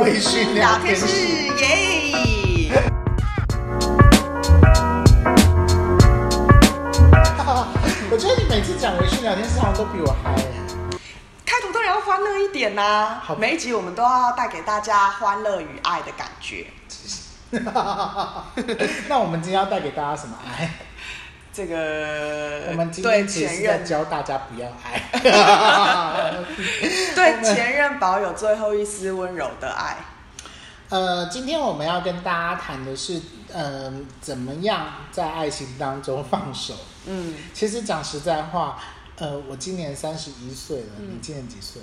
微醺聊天室耶！ 我覺得你每次講微醺聊天室好像都比我嗨呀。欸，態度當然要歡樂一點啦、啊。好，每一集我們都要帶給大家歡樂與愛的感覺。 那我們今天要帶給大家什麼愛？這個，我們今天對前任教大家不要愛，對 前任保有最後一絲溫柔的愛。呃，今天我們要跟大家談的是，呃，怎麼樣在愛情當中放手。嗯，其實講實在話，呃，我今年三十一歲了、嗯，你今年幾歲？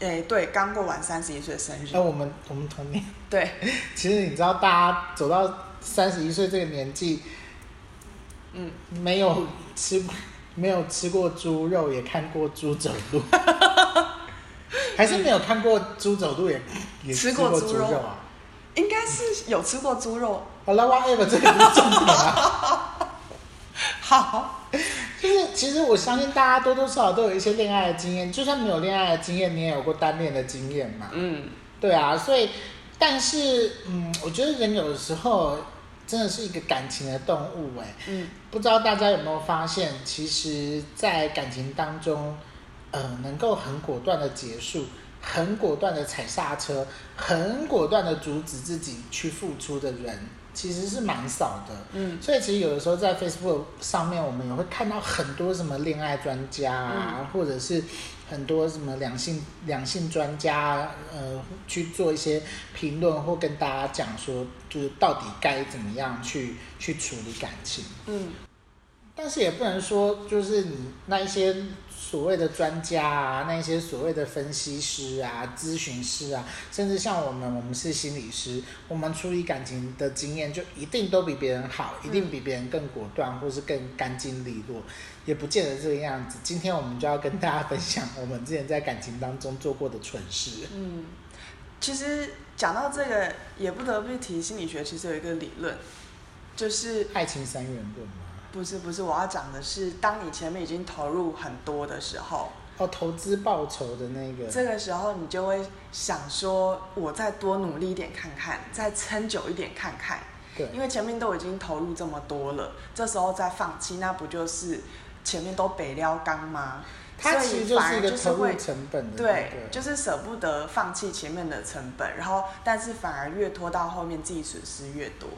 哎、欸，對，剛過完三十一歲生日。那、呃、我們我們同年對，其實你知道，大家走到三十一歲這個年紀。嗯、沒有吃、嗯，沒有吃過豬肉，也看過豬走路， 還是沒有看過豬走路也、嗯，也也吃，吃過豬肉啊？應該是有吃過豬肉。嗯、好，了，我這個是重點、啊、 好，就是其實我相信大家多多少少都有一些戀愛的經驗，就算沒有戀愛的經驗，你也有過單戀的經驗嘛。嗯，對啊，所以，但是，嗯，我覺得人有的時候真的是一個感情的動物欸，嗯，不知道大家有沒有發現，其實，在感情當中，呃，能夠很果斷的結束，很果斷的踩剎車，很果斷的阻止自己去付出的人。其實是蠻少的，嗯，所以其實有的時候在 Facebook 上面，我們也會看到很多什麼戀愛專家啊，嗯，或者是很多什麼兩性兩性專家啊，呃，去做一些評論或跟大家講說，就是到底該怎麼樣去去處理感情，嗯。但是也不能說，就是你那一些所謂的專家啊，那一些所謂的分析師啊、諮詢師啊，甚至像我們，我們是心理師，我們處理感情的經驗就一定都比別人好，一定比別人更果斷，或是更乾淨利落，嗯，也不見得這個樣子。今天我們就要跟大家分享我們之前在感情當中做過的蠢事。嗯，其實講到這個，也不得不提心理學，其實有一個理論，就是愛情三元論嘛。不是不是，我要講的是，當你前面已經投入很多的時候，哦，投資報酬的那個，這個時候你就會想說，我再多努力一點看看，再撐久一點看看，對，因為前面都已經投入這麼多了，這時候再放棄，那不就是前面都白了工嗎？他其實反而就是會成本，對，就是捨不得放棄前面的成本，然後但是反而越拖到後面自己損失越多。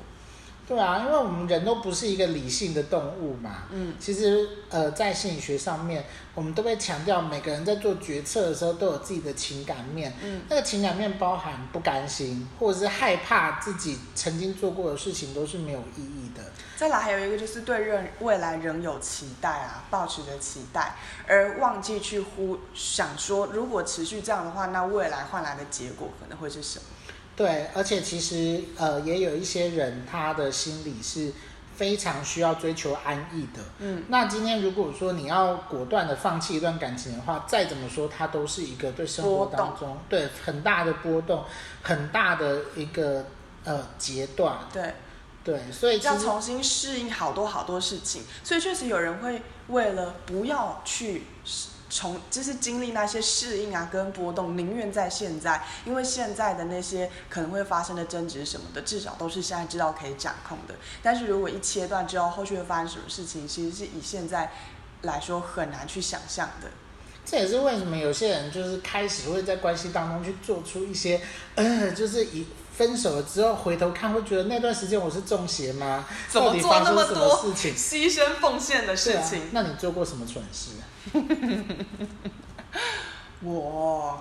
對啊，因為我們人都不是一個理性的動物嘛。嗯，其實呃，在心理學上面，我們都被強調，每個人在做決策的時候都有自己的情感面。嗯，那個情感面包含不甘心，或者是害怕自己曾經做過的事情都是沒有意義的。再來還有一個就是對人未來仍有期待啊，抱持着期待，而忘記去忽想說，如果持續這樣的話，那未來換來的結果可能會是什麼？對，而且其實，呃，也有一些人，他的心理是非常需要追求安逸的。嗯，那今天如果說你要果斷的放棄一段感情的話，再怎麼說，它都是一個對生活當中對很大的波動，很大的一個呃階段。對對，所以要重新適應好多好多事情。所以確實有人會為了不要去。從就是經歷那些適應啊跟波動，寧願在現在，因為現在的那些可能會發生的爭執什麼的，至少都是現在知道可以掌控的。但是如果一切斷之後，後續會發生什麼事情，其實是以現在來說很難去想象的。這也是為什麼有些人就是開始會在關係當中去做出一些，呃、就是以。分手了之後回頭看，會覺得那段時間我是中邪嗎？怎麼做那麼多事情，犧牲奉獻的事情？那你做過什麼蠢事？我，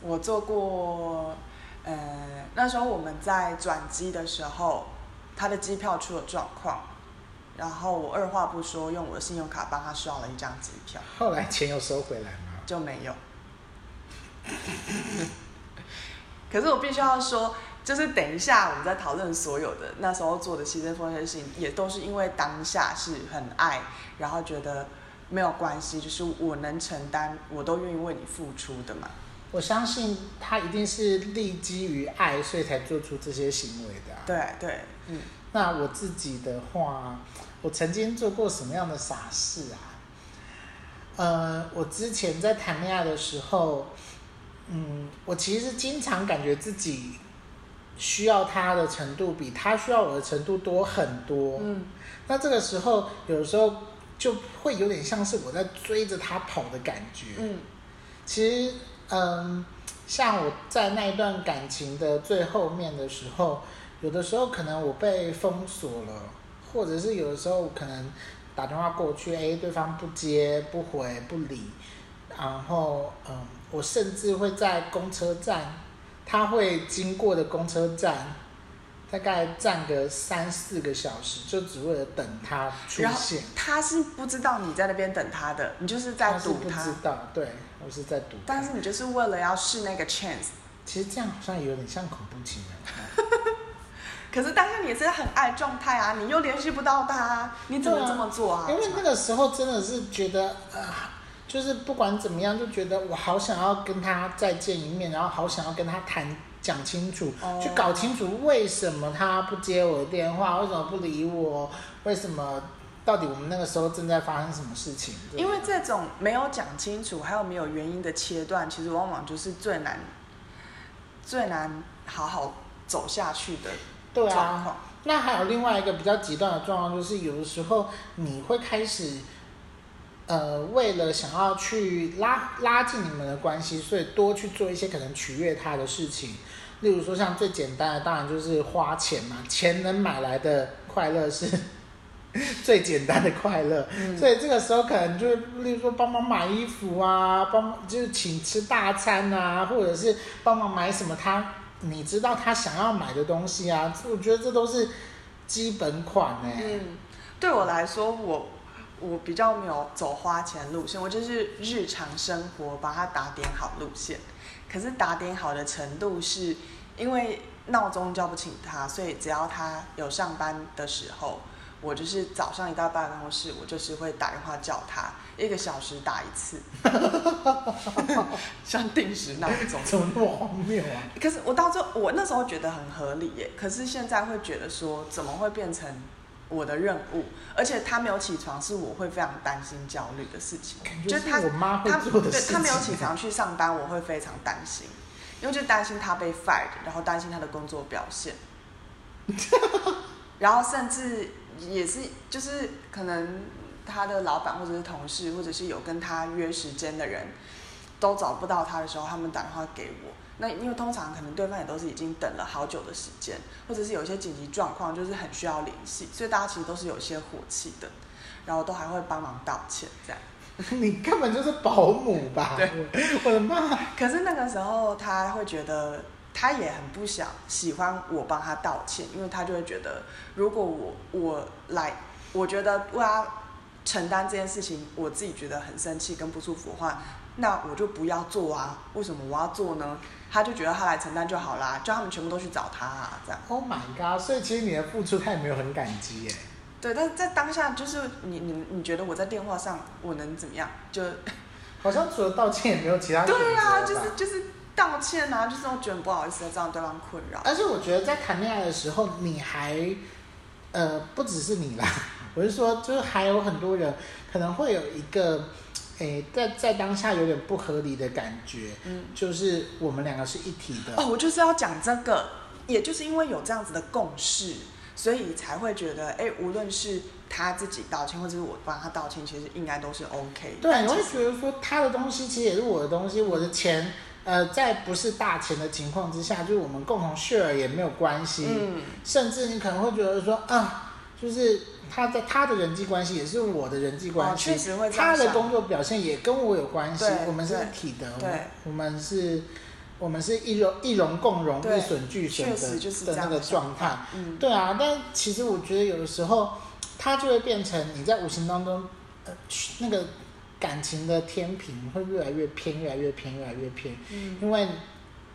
我做過，呃，那時候我們在轉機的時候，他的機票出了狀況，然後我二話不說，用我的信用卡幫他刷了一張機票。後來錢有收回來嗎？就沒有。 可是我必須要說，就是等一下我們在討論所有的那時候做的犧牲奉獻性，也都是因為當下是很愛，然後覺得沒有關係，就是我能承擔，我都願意為你付出的嘛。我相信他一定是立基於愛，所以才做出這些行為的啊。對對，嗯。那我自己的話，我曾經做過什麼樣的傻事啊？呃，我之前在談戀愛的時候。嗯，我其實經常感覺自己需要他的程度，比他需要我的程度多很多。嗯，那這個時候有的時候就會有點像是我在追着他跑的感覺。嗯，其實，嗯，像我在那一段感情的最後面的時候，有的時候可能我被封鎖了，或者是有的時候可能打電話過去，誒，對方不接不回不理，然後，嗯。我甚至會在公車站，他會經過的公車站，大概站個三四個小時，就只為了等他出現。他是不知道你在那邊等他的，你就是在賭他。他不知道，對，我是在賭。但是你就是為了要試那個 chance。其實這樣好像有點像恐怖情人。 可是當時你真的很愛狀態啊，你又聯繫不到他，啊，你怎麼這麼做啊，嗯？因為那個時候真的是覺得啊。呃就是不管怎麼樣，就覺得我好想要跟他再見一面，然後好想要跟他談講清楚，哦，去搞清楚為什麼他不接我的電話，為什麼不理我，為什麼到底我們那個時候正在發生什麼事情？因為這種沒有講清楚，還有沒有原因的切斷，其實往往就是最難最難好好走下去的狀況。對啊，那還有另外一個比較極端的狀況，就是有的時候你會開始。呃，為了想要去拉拉近你們的關係，所以多去做一些可能取悅他的事情，例如說像最簡單的，當然就是花錢嘛，錢能買來的快樂是最簡單的快樂。嗯、所以這個時候可能就是，例如說幫忙買衣服啊，幫就是請吃大餐啊，或者是幫忙買什麼他，你知道他想要買的東西啊，我覺得這都是基本款哎、欸嗯。對我來說我。嗯我比較沒有走花錢路線，我就是日常生活把它打點好路線。可是打點好的程度是，因為鬧鐘叫不醒他，所以只要他有上班的時候，我就是早上一到辦公室，我就是會打電話叫他，一個小時打一次， 像定時鬧鐘。怎麼那麼荒謬啊？ 可是我當初我那時候覺得很合理耶，可是現在會覺得說，怎麼會變成？我的任務，而且他沒有起床，是我會非常擔心焦慮的事情。感覺是我媽會做的事情啊。就是他，他對，他沒有起床去上班，我會非常擔心，因為就擔心他被 fired，然後擔心他的工作表現， 然後甚至也是就是可能他的老闆或者是同事或者是有跟他約時間的人。都找不到他的時候，他們打電話給我。那因為通常可能對方也都是已經等了好久的時間，或者是有一些緊急狀況，就是很需要聯繫，所以大家其實都是有些火氣的，然後都還會幫忙道歉這樣。 你根本就是保姆吧？對，我的媽！可是那個時候他會覺得他也很不想喜歡我幫他道歉，因為他就會覺得如果我我來，我覺得為他承擔這件事情，我自己覺得很生氣跟不舒服的話。那我就不要做啊？為什麼我要做呢？他就覺得他來承擔就好啦，叫他們全部都去找他啊，這樣。Oh my god！所以其實你的付出他也沒有很感激耶。對，但在當下就是你你你覺得我在電話上我能怎麼樣？就好像除了道歉也沒有其他。 對啊，就是就是道歉啊，就是我覺得很不好意思啊，這樣對方困擾。但是我覺得在談戀愛的時候，你還呃不只是你啦，我是說就是還有很多人可能會有一個。欸、在在當下有點不合理的感覺，嗯，就是我們兩個是一體的哦。我就是要講這個，也就是因為有這樣子的共識，所以才會覺得，哎、欸，無論是他自己道歉，或者是我幫他道歉，其實應該都是 OK 的。對，你會覺得說他的東西其實也是我的東西，嗯、我的錢，呃，在不是大錢的情況之下，就是我們共同 share 也沒有關係，嗯，甚至你可能會覺得說啊，就是。他的他的人際關係也是我的人際關係，啊，他的工作表現也跟我有關係。我們是一體的，我們是，我們是一榮一榮共榮，一損俱損的的那個狀態，嗯。對啊，但其實我覺得有的時候，他就會變成你在五行當中，呃，那個感情的天平會越來越偏，越來越偏，越來越偏，越來越偏，嗯。因為，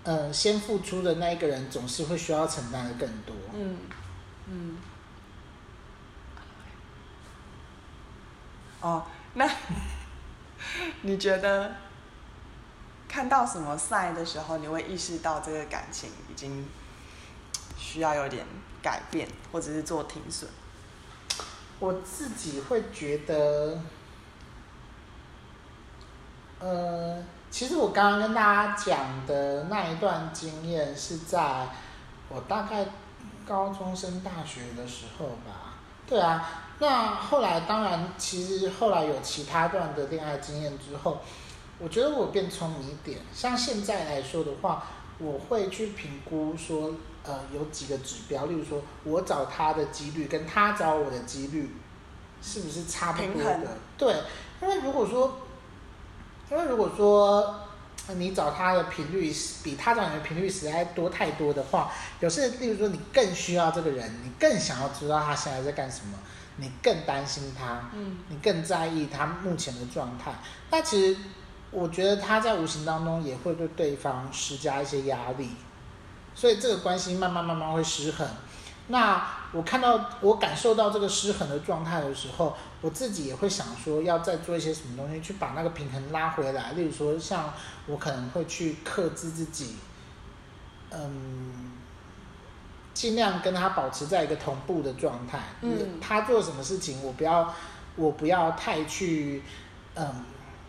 呃，先付出的那一個人總是會需要承擔的更多。嗯。嗯哦，那你覺得看到什麼賽的時候，你會意識到這個感情已經需要有點改變，或者是做停損？我自己會覺得，呃，其實我剛剛跟大家講的那一段經驗是在我大概高中升大學的時候吧，對啊。那後來，當然，其實後來有其他段的戀愛經驗之後，我覺得我變聰明一點。像現在來說的話，我會去評估說，呃，有幾個指標，例如說，我找他的幾率跟他找我的幾率，是不是差不多的？對，因為如果說，因為如果說。你找他的頻率，比他找你的頻率實在多太多的話，表示，例如說你更需要這個人，你更想要知道他現在在幹什麼，你更擔心他，嗯，你更在意他目前的狀態，但其實我覺得他在無形當中也會對對方施加一些壓力，所以這個關係慢慢慢慢會失衡。那我看到，我感受到這個失衡的狀態的時候，我自己也會想說要再做一些什麼東西去把那個平衡拉回來。例如說，像我可能會去克制自己，嗯，盡量跟他保持在一個同步的狀態。就是他做什麼事情，我不要，我不要太去，嗯，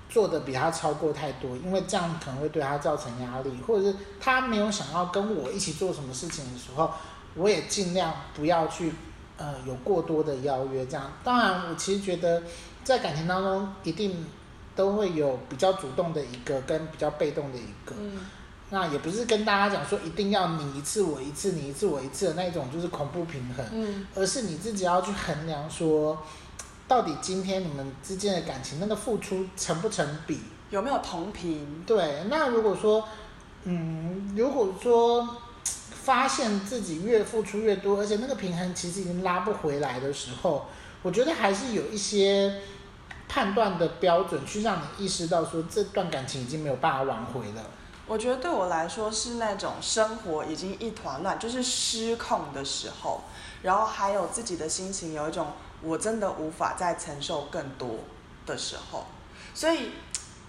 做得比他超過太多，因為這樣可能會對他造成壓力。或者是他沒有想要跟我一起做什麼事情的時候。我也盡量不要去，呃，有過多的邀約，這樣。當然，我其實覺得，在感情當中，一定都會有比較主動的一個跟比較被動的一個。嗯。那也不是跟大家講說一定要你一次我一次，你一次我一次的那種，就是恐怖平衡。嗯。而是你自己要去衡量說，到底今天你們之間的感情，那個付出成不成比，有沒有同頻？對。那如果說，嗯，如果說。發現自己越付出越多，而且那個平衡其實已經拉不回來的時候，我覺得還是有一些判斷的標準去讓你意識到說這段感情已經沒有辦法挽回了。我覺得對我來說是那種生活已經一團亂，就是失控的時候，然後還有自己的心情有一種我真的無法再承受更多的時候，所以。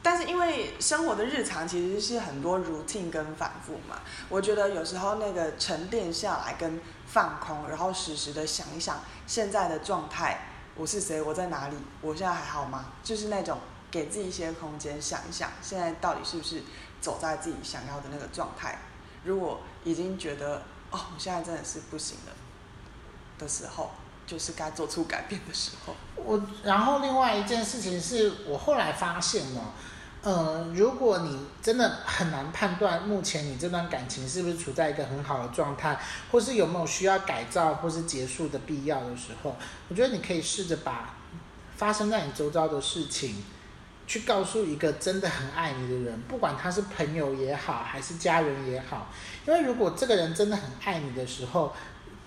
但是因為生活的日常其實是很多 routine 跟反覆嘛，我覺得有時候那個沉澱下來跟放空，然後適時的想一想現在的狀態，我是誰，我在哪裡，我現在還好嗎？就是那種給自己一些空間想一想，現在到底是不是走在自己想要的那個狀態？如果已經覺得哦，我現在真的是不行了的時候。就是該做出改變的時候。我，然後另外一件事情是我後來發現了、哦、呃，如果你真的很難判斷目前你這段感情是不是處在一個很好的狀態，或是有沒有需要改造或是結束的必要的時候，我覺得你可以試着把發生在你周遭的事情去告訴一個真的很愛你的人，不管他是朋友也好，還是家人也好，因為如果這個人真的很愛你的時候。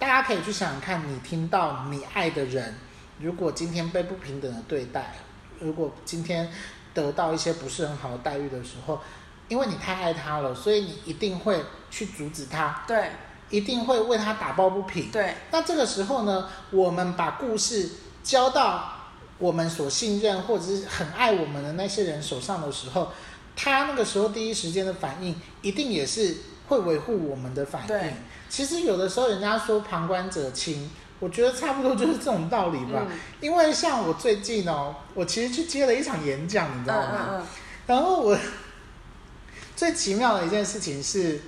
大家可以去想想看，你聽到你愛的人，如果今天被不平等的對待，如果今天得到一些不是很好的待遇的時候，因為你太愛他了，所以你一定會去阻止他，對，一定會為他打抱不平，對。那這個時候呢，我們把故事交到我們所信任或者是很愛我們的那些人手上的時候，他那個時候第一時間的反應，一定也是會維護我們的反應。其實有的時候，人家說旁觀者清，我覺得差不多就是這種道理吧。嗯、因為像我最近哦，我其實去接了一場演講，你知道嗎？嗯嗯、然後我最奇妙的一件事情是，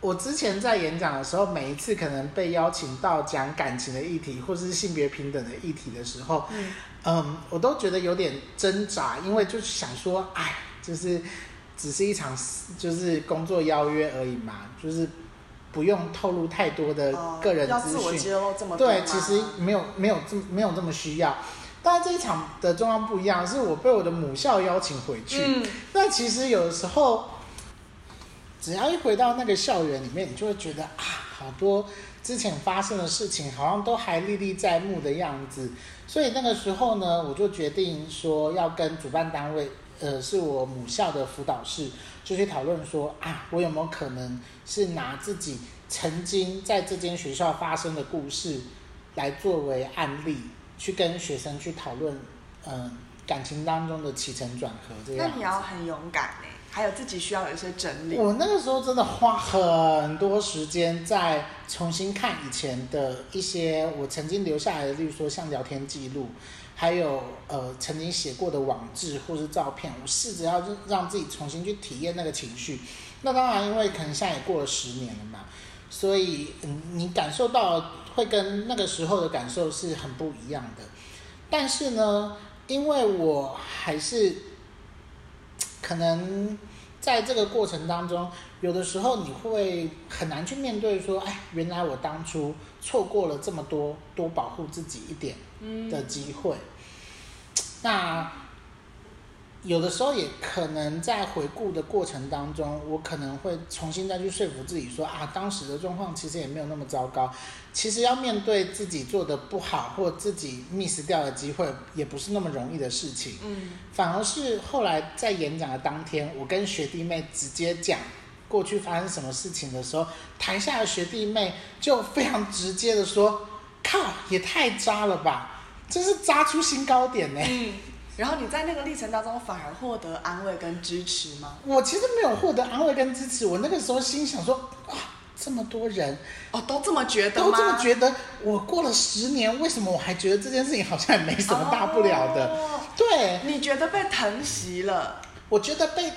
我之前在演講的時候，每一次可能被邀請到講感情的議題或者是性別平等的議題的時候嗯，嗯，我都覺得有點掙扎，因為就是想說，哎，就是只是一場就是工作邀約而已嘛，就是。不用透露太多的個人資訊，嗯，對，其實沒有沒有這麼沒有這麼需要。但是這一場的狀況不一樣，是我被我的母校邀請回去。那、嗯、其實有的時候，只要一回到那個校園裡面，你就會覺得啊，好多之前發生的事情好像都還歷歷在目的樣子。所以那個時候呢，我就決定說要跟主辦單位。呃，是我母校的輔導室，就去討論說，啊，我有沒有可能是拿自己曾經在這間學校發生的故事，來作為案例，去跟學生去討論，嗯、呃，感情當中的起承轉合這樣。那你要很勇敢呢，還有自己需要有一些整理。我那個時候真的花很多時間在重新看以前的一些我曾經留下來的，例如說像聊天記錄。還有呃，曾經寫過的網誌或是照片，我試着要讓自己重新去體驗那個情緒。那當然，因為可能現在也過了十年了嘛，所以，嗯，你感受到會跟那個時候的感受是很不一樣的。但是呢，因為我還是可能在這個過程當中，有的時候你會很難去面對說，說，哎，原來我當初錯過了這麼多多保護自己一點的機會。嗯那有的時候也可能在回顧的過程當中，我可能會重新再去說服自己說啊，當時的狀況其實也沒有那麼糟糕。其實要面對自己做得不好或自己 miss 掉的機會，也不是那麼容易的事情。嗯，反而是後來在演講的當天，我跟學弟妹直接講過去發生什麼事情的時候，台下的學弟妹就非常直接的說：“靠，也太渣了吧。”就是扎出新高點呢，嗯，然後你在那個歷程當中反而獲得安慰跟支持嗎？我其實沒有獲得安慰跟支持，我那個時候心想說啊，這麼多人哦，都這麼覺得嗎？都這麼覺得，我過了十年，為什麼我還覺得這件事情好像也沒什麼大不了的？哦、對，你覺得被疼惜了？我覺得被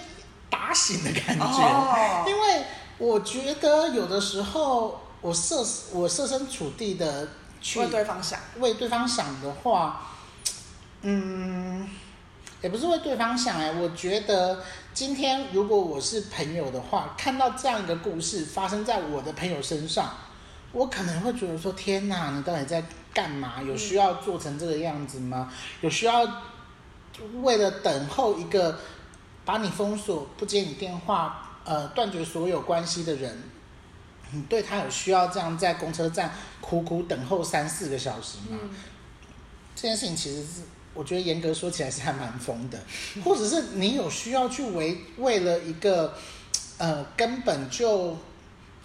打醒的感覺，哦、因為我覺得有的時候我設我設身處地的。為對方想，為對方想的話，嗯，也不是為對方想哎、欸，我覺得今天如果我是朋友的話，看到這樣一個故事發生在我的朋友身上，我可能會覺得說：天哪，你到底在幹嘛？有需要做成這個樣子嗎？有需要為了等候一個把你封鎖、不接你電話、呃，斷絕所有關係的人？你對他有需要這樣在公車站苦苦等候三四個小時嗎？嗯。這件事情其實是，我覺得嚴格說起來是還蠻瘋的，或者是你有需要去為為了一個，呃，根本就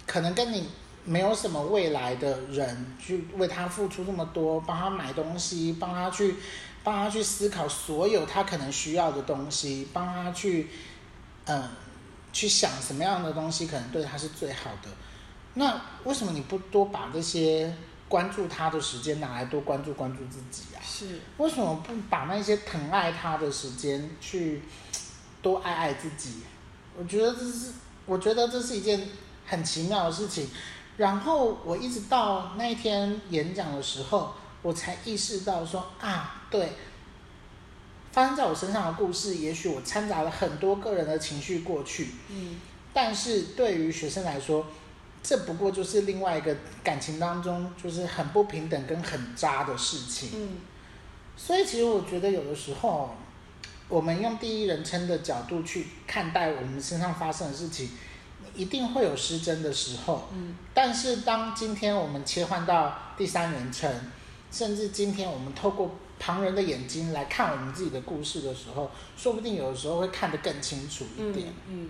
可能跟你沒有什麼未來的人去為他付出這麼多，幫他買東西，幫他去幫他去思考所有他可能需要的東西，幫他去嗯、呃、去想什麼樣的東西可能對他是最好的。那為什麼你不多把這些關注他的時間拿來多關注關注自己啊？是，為什麼不把那些疼愛他的時間去多愛愛自己啊？我覺得這是，我覺得這是一件很奇妙的事情。然後我一直到那一天演講的時候，我才意識到說啊，對，發生在我身上的故事，也許我摻雜了很多個人的情緒過去，嗯，但是對於學生來說。這不過就是另外一個感情當中，就是很不平等跟很渣的事情。嗯，所以其實我覺得有的時候，我們用第一人稱的角度去看待我們身上發生的事情，一定會有失真的時候。嗯，但是當今天我們切換到第三人稱，甚至今天我們透過旁人的眼睛來看我們自己的故事的時候，說不定有的時候會看得更清楚一點。嗯，嗯，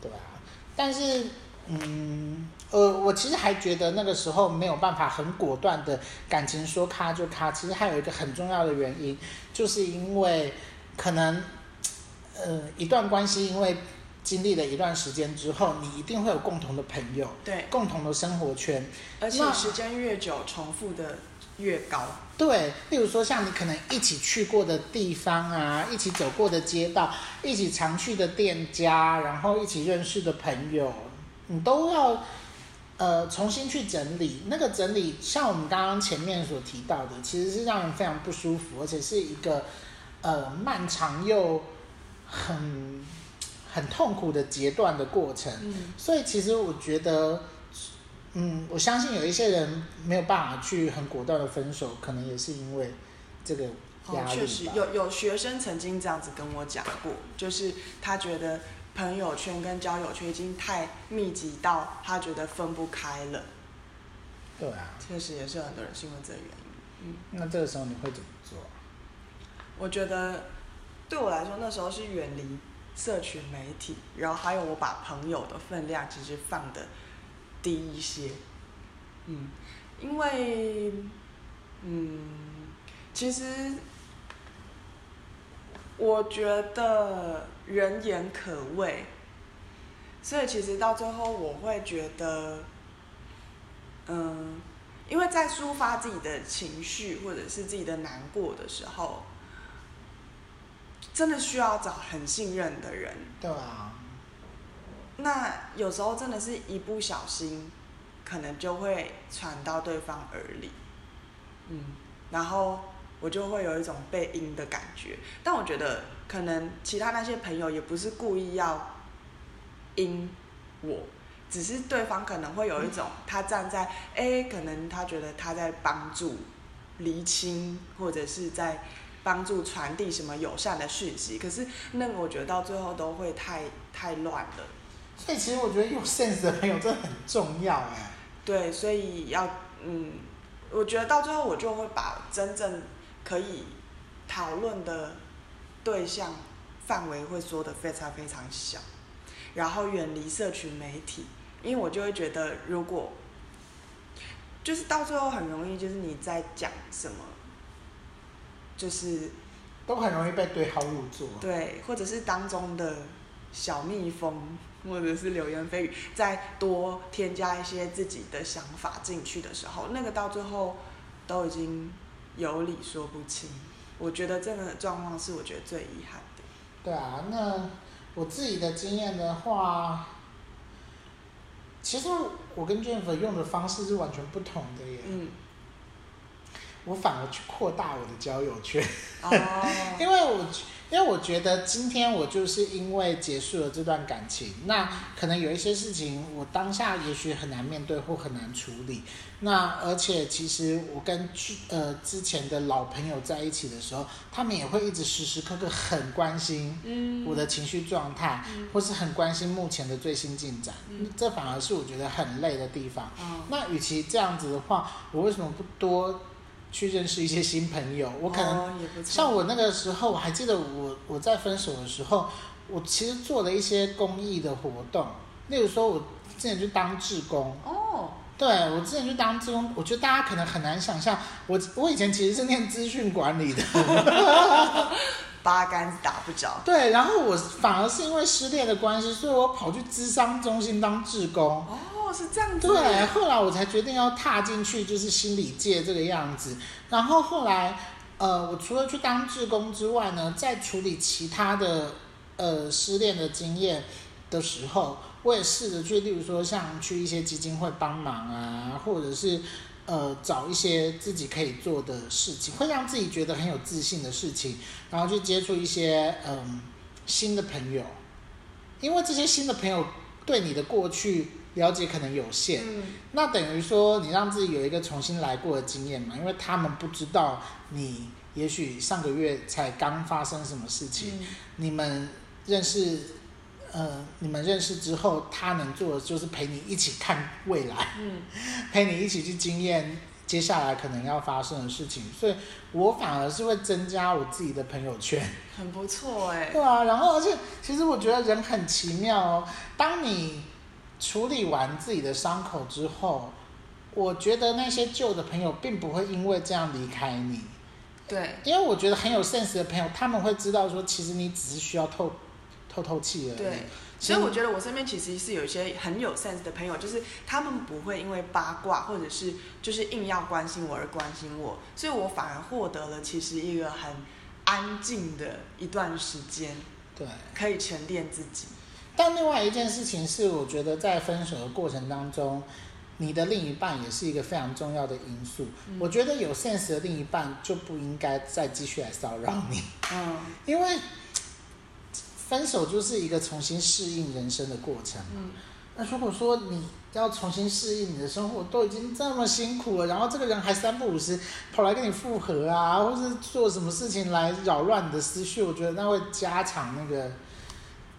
對吧？啊，但是。嗯，呃，我其實還覺得那個時候沒有辦法很果斷的感情說咔就咔。其實還有一個很重要的原因，就是因為可能，呃，一段關係因為經歷了一段時間之後，你一定會有共同的朋友，對，共同的生活圈，而且時間越久，重複的越高。對，例如說像你可能一起去過的地方啊，一起走過的街道，一起常去的店家，然後一起認識的朋友，你都要，呃，重新去整理那個整理，像我們剛剛前面所提到的，其實是讓人非常不舒服，而且是一個，呃，漫長又很很痛苦的截斷的過程。嗯。所以其實我覺得，嗯，我相信有一些人沒有辦法去很果斷的分手，可能也是因為這個壓力吧。哦。確實，有有學生曾經這樣子跟我講過，就是他覺得。朋友圈跟交友圈，已經太密集到他覺得分不開了。對啊。確實也是很多人是因為這個原因。嗯。那這個時候你會怎麼做啊？我覺得，對我來說那時候是遠離社群媒體，然後還有我把朋友的分量其實放得低一些。嗯。因為，嗯，其實我覺得。人言可畏，所以其實到最後，我會覺得，嗯，因為在抒發自己的情緒或者是自己的難過的時候，真的需要找很信任的人。對啊。那有時候真的是一不小心，可能就會傳到對方耳裡。嗯。然後我就會有一種被陰的感覺，但我覺得。可能其他那些朋友也不是故意要陰我，只是對方可能會有一種他站在哎、嗯欸，可能他覺得他在幫助釐清或者是在幫助傳遞什麼友善的訊息。可是那個我覺得到最後都會太太亂了。所以其實我覺得用 sense 的朋友真的很重要啊，嗯、對，所以要嗯，我覺得到最後我就會把真正可以討論的對象範圍會縮得非常非常小，然後遠離社群媒體，因為我就會覺得，如果就是到最後很容易，就是你在講什麼，就是都很容易被對號入座，對，或者是當中的小蜜蜂，或者是流言蜚語，再多添加一些自己的想法進去的時候，那個到最後都已經有理說不清。我覺得這個狀況是我覺得最遺憾的。對啊，那我自己的經驗的話，其實我跟 Jennifer 用的方式是完全不同的耶。嗯。我反而去擴大我的交友圈。Oh. 因為我因為我覺得今天我就是因為結束了這段感情，那可能有一些事情我當下也許很難面對或很難處理。那而且其實我跟呃之前的老朋友在一起的時候，他們也會一直時時刻刻很關心，嗯，我的情緒狀態，或是很關心目前的最新進展。嗯，這反而是我覺得很累的地方。嗯，那與其這樣子的話，我為什麼不多？去認識一些新朋友，我可能像我那個時候，我還記得我我在分手的時候，我其實做了一些公益的活動。例如說我之前去當志工，哦、對，我之前去當志工，我覺得大家可能很難想象，我我以前其實是念資訊管理的， 八竿子打不着。對，然後我反而是因為失戀的關係，所以我跑去諮商中心當志工。哦是這樣對，對，後來我才決定要踏進去，就是心理界這個樣子。然後後來，呃，我除了去當志工之外呢，在處理其他的呃失戀的經驗的時候，我也試着去，例如說像去一些基金會幫忙啊，或者是呃找一些自己可以做的事情，會讓自己覺得很有自信的事情，然後去接觸一些嗯、呃、新的朋友，因為這些新的朋友對你的過去。了解可能有限，嗯，那等於說你讓自己有一個重新來過的經驗嘛？因為他們不知道你也許上個月才剛發生什麼事情，嗯，你們認識，呃，你們認識之後，他能做的就是陪你一起看未來，嗯，陪你一起去經驗接下來可能要發生的事情。所以，我反而是會增加我自己的朋友圈，很不錯哎、欸。 對啊，然後而且其實我覺得人很奇妙哦，當你。處理完自己的傷口之後，我覺得那些舊的朋友並不會因為這樣離開你。對，因為我覺得很有 sense 的朋友，他們會知道說，其實你只是需要透透透氣而已。對，所以我覺得我身邊其實是有一些很有 sense 的朋友，就是他們不會因為八卦或者是就是硬要關心我而關心我，所以我反而獲得了其實一個很安靜的一段時間，對，可以沉澱自己。但另外一件事情是，我覺得在分手的過程當中，你的另一半也是一個非常重要的因素。我覺得有現實的另一半就不應該再繼續來騷擾你。嗯，因為分手就是一個重新適應人生的過程。嗯，那如果說你要重新適應你的生活，都已經這麼辛苦了，然後這個人還三不五時跑來跟你復合啊，或者是做什麼事情來擾亂你的思緒，我覺得那會加長那個。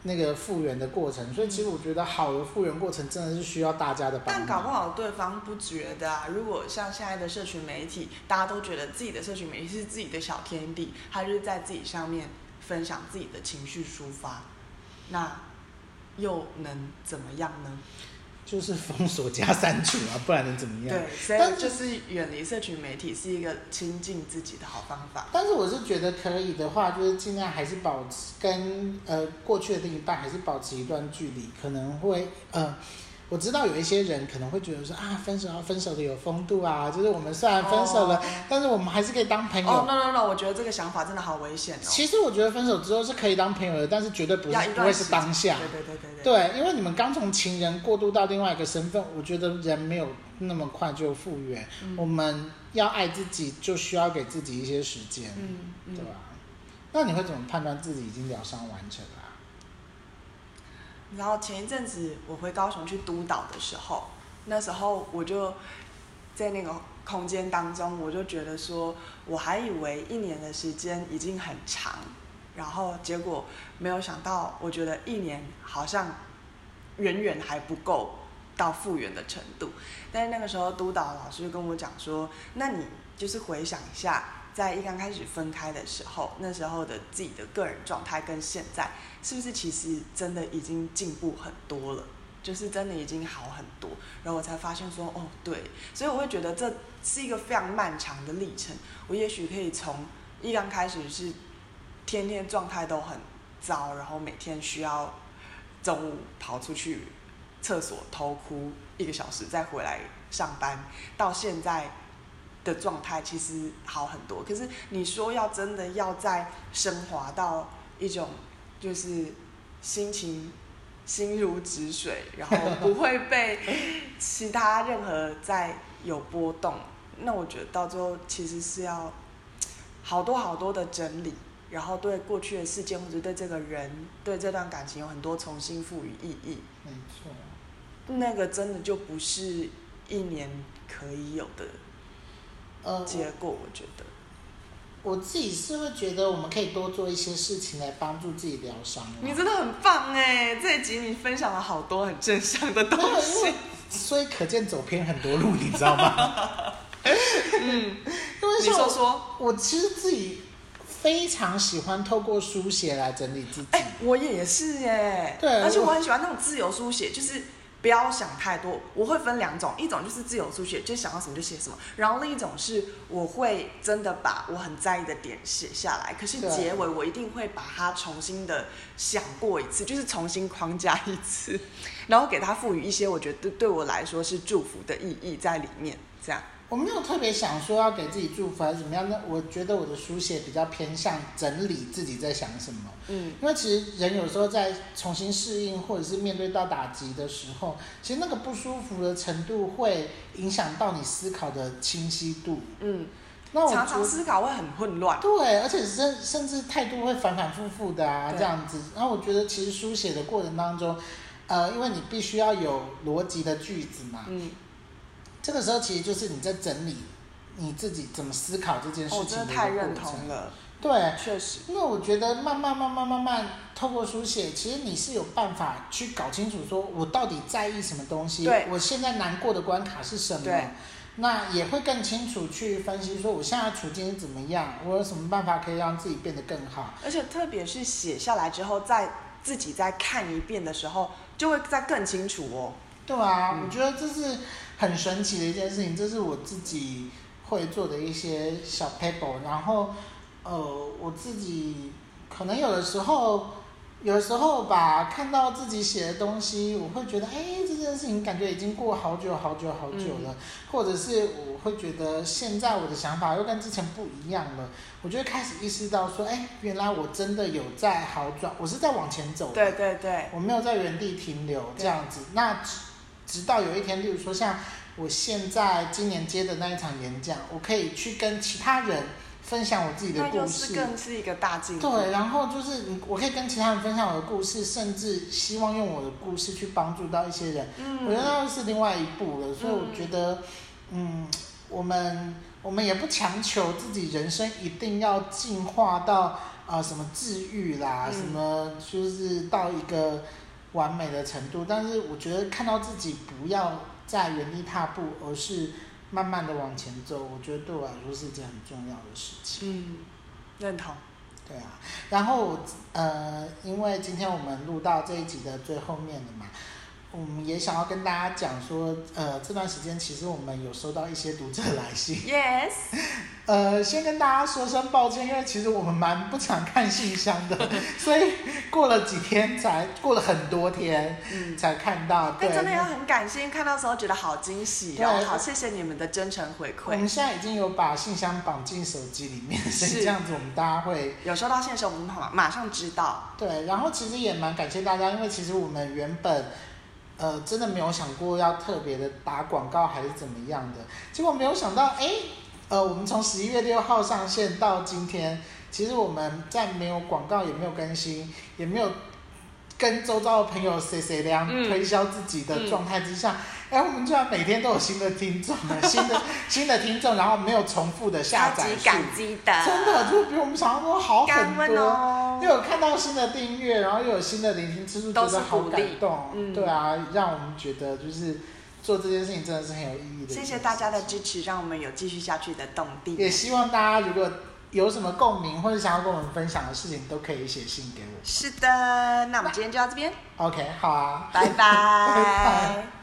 那個復原的過程，所以其實我覺得好的復原過程真的是需要大家的幫助。但搞不好對方不覺得啊！如果像現在的社群媒體，大家都覺得自己的社群媒體是自己的小天地，他就是在自己上面分享自己的情緒抒發，那又能怎麼樣呢？就是封鎖加刪除啊，不然能怎麼樣？對，但就是遠離社群媒體是一個親近自己的好方法。但是我是覺得可以的話，就是盡量還是保持跟呃過去的另一半還是保持一段距離，可能會呃。我知道有一些人可能會覺得說啊，分手啊，分手的有風度啊，就是我們雖然分手了，哦、但是我們還是可以當朋友。哦，no no no，我覺得這個想法真的好危險哦。其實我覺得分手之後是可以當朋友的，但是絕對不是，不會是當下。對對對對對。對，因為你們剛從情人過渡到另外一個身份，我覺得人沒有那麼快就復原，嗯。我們要愛自己，就需要給自己一些時間嗯。嗯，對吧？那你會怎麼判斷自己已經療傷完成了？然後前一陣子我回高雄去督導的時候，那時候我就在那個空間當中，我就覺得說，我還以為一年的時間已經很長，然後結果沒有想到，我覺得一年好像遠遠還不夠到復原的程度。但是那個時候督導老師就跟我講說，那你就是回想一下，在一剛開始分開的時候，那時候的自己的個人狀態跟現在。是不是其實真的已經進步很多了？就是真的已經好很多，然後我才發現說，哦，對，所以我會覺得這是一個非常漫長的歷程。我也許可以從一剛開始是天天狀態都很糟，然後每天需要中午跑出去廁所偷哭一個小時，再回來上班，到現在的狀態其實好很多。可是你說要真的要再升華到一種。就是心情心如止水，然後不會被其他任何再有波動。那我覺得到最後其實是要好多好多的整理，然後對過去的事件或者對這個人、對這段感情有很多重新賦予意義。沒錯、啊，那個真的就不是一年可以有的結果，嗯、我覺得。我自己是會覺得，我們可以多做一些事情來幫助自己療傷。你真的很棒哎！這一集你分享了好多很正向的東西， 所以可見走偏很多路，你知道嗎？ 嗯，因 為你說說我，我其實自己非常喜歡透過書寫來整理自己。哎、欸，我也是哎，對，而且我很喜歡那種自由書寫，就是。不要想太多，我會分兩種，一種就是自由書寫，就想到什麼就寫什麼，然後另一種是我會真的把我很在意的點寫下來，可是結尾我一定會把它重新的想過一次，就是重新框架一次，然後給它賦予一些我覺得對，對我來說是祝福的意義在裡面，這樣。我沒有特別想說要給自己祝福還是怎麼樣。那我覺得我的書寫比較偏向整理自己在想什麼。嗯，因為其實人有時候在重新適應或者是面對到打擊的時候，其實那個不舒服的程度會影響到你思考的清晰度。嗯，那我常常思考會很混亂。對，而且甚甚至態度會反反复复的啊，這樣子。然後我覺得其實書寫的過程當中，呃，因為你必須要有邏輯的句子嘛。嗯。這個時候其實就是你在整理你自己怎麼思考這件事情的過程。哦，真的太認同了。對，確實。因為我覺得慢慢慢慢慢慢透過書寫，其實你是有辦法去搞清楚，說我到底在意什麼東西。對。我現在難過的關卡是什麼？對。那也會更清楚去分析，說我現在處境是怎麼樣，嗯。我有什麼辦法可以讓自己變得更好？而且特別是寫下來之後，再自己再看一遍的時候，就會再更清楚哦。對啊，嗯，我覺得這是。很神奇的一件事情，這是我自己會做的一些小 paper。然後，呃，我自己可能有的時候，有的時候吧，看到自己寫的東西，我會覺得，哎，這件事情感覺已經過好久好久好久了。嗯。或者是我會覺得，現在我的想法又跟之前不一樣了。我就會開始意識到說，哎，原來我真的有在好轉，我是在往前走的。對對對。我沒有在原地停留，這樣子。那。直到有一天，例如說像我現在今年接的那一場演講，我可以去跟其他人分享我自己的故事，那就是更是一個大進步。對，然後就是我，可以跟其他人分享我的故事，甚至希望用我的故事去幫助到一些人。嗯、我覺得那是另外一步了。所以我覺得，嗯，嗯我們我們也不強求自己人生一定要進化到啊、呃、什麼治癒啦、嗯，什麼就是到一個。完美的程度，但是我覺得看到自己不要在原地踏步，而是慢慢的往前走，我覺得對我來說是一件很重要的事情。嗯，認同。對啊，然後呃，因為今天我們錄到這一集的最後面了嘛。我們也想要跟大家講說，呃，這段時間其實我們有收到一些讀者來信。Yes。呃，先跟大家說聲抱歉，因為其實我們蠻不常看信箱的， 所以過了幾天才過了很多天，才看到。嗯、對，真的要很感謝，看到時候覺得好驚喜，好謝謝你們的真誠回饋。我們現在已經有把信箱綁進手機裡面，是所以這樣子，我們大家會有收到信的時候，我們好馬上知道。對，然後其實也蠻感謝大家，因為其實我們原本。呃，真的沒有想過要特別的打廣告還是怎麼樣的，結果沒有想到，哎，呃，我們從十一月六號上線到今天，其實我們在沒有廣告，也沒有更新，也沒有跟周遭的朋友碎碎念推銷自己的狀態之下。嗯嗯嗯哎、欸，我們居然每天都有新的聽眾，新的 新的聽眾，然後沒有重複的下載數 感激的真的就比我們想象中好很多問，哦。又有看到新的訂閱，然後又有新的聆聽次數，都是好感動。對啊，讓我們覺得就是做這件事情真的是很有意義的。謝謝大家的支持，讓我們有繼續下去的動力。也希望大家如果有什麼共鳴或者想要跟我們分享的事情，都可以寫信給我。是的，那我們今天就到這邊，啊。OK，好，啊，拜拜。 bye bye